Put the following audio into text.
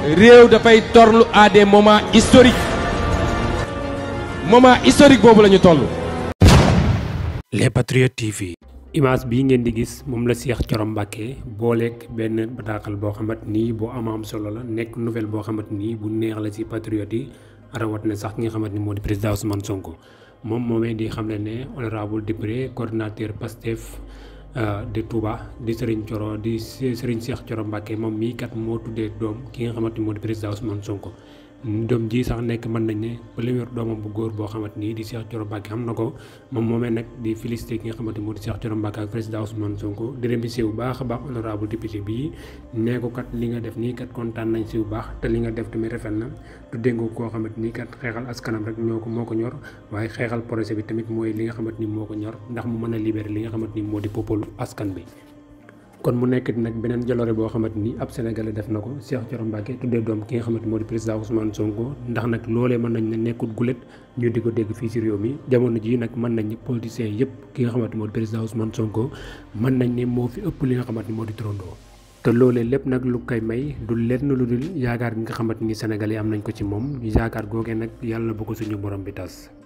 réew dafay torlu à des moments historiques moment historique boobu la ñu toll. Les Patriotes TV. image bii ngeen di gis moom la Cheikh Thioro Mbacké booleeg benn bataaxal boo xamante nii boo am am solo la nekk nouvelle boo xamante nii bu neex la ci patriote yi rawat na sax ki nga xamante ni moo di président Ousmane Sonko moom moomee di xam ne ne honorable député coordinateur Pastef. Euh, di Touba di Serigne Thioro di Serigne Cheikh Thioro Mbacké moom mii kat moo tuddee doom ki nga xamante ni moo di président Ousmane Sonko. doom ji sax nekk mën nañ ne ba li doomam bu góor boo xamante nii di Cheikh Thioro Mbacké xam na ko moom moomee nag di félicité ki nga xamante moo di Cheikh Thioro Mbacké ak président Ousmane Sonko di remercier bu baax a baax honorable député bii nee ko kat li nga def nii kat kontaan nañ si bu baax te li nga def tamit rafet na du déngo koo xamante nii kat xeexal askanam rek ñoo ko moo ko ñor waaye xeexal projet bi tamit mooy li nga xamante ni moo ko ñor ndax mu mën a libérer li nga xamante ni moo di popolu askan bi kon mu nekk nag beneen jaloore boo xamante ni ab sénégalais def na ko Cheikh Thioro Mbacké tuddee doom ki nga xamante moo di président Ousmane Sonko ndax nag loolee mën nañ ne nekkut gulet ñu di ko dégg fii ci réew mi jamono jii nag mën nañ ne politiciens yëpp ki nga xamante moo di président Ousmane Sonko mën nañ ni moo fi ëpp li nga xamante ni moo di turandoo te loolee lépp nag lu koy may du lenn lu dul yaakaar gi nga xamante ni sénégalais am nañ ko ci moom yaakaar googee nag yàlla bu ko suñu borom bi tas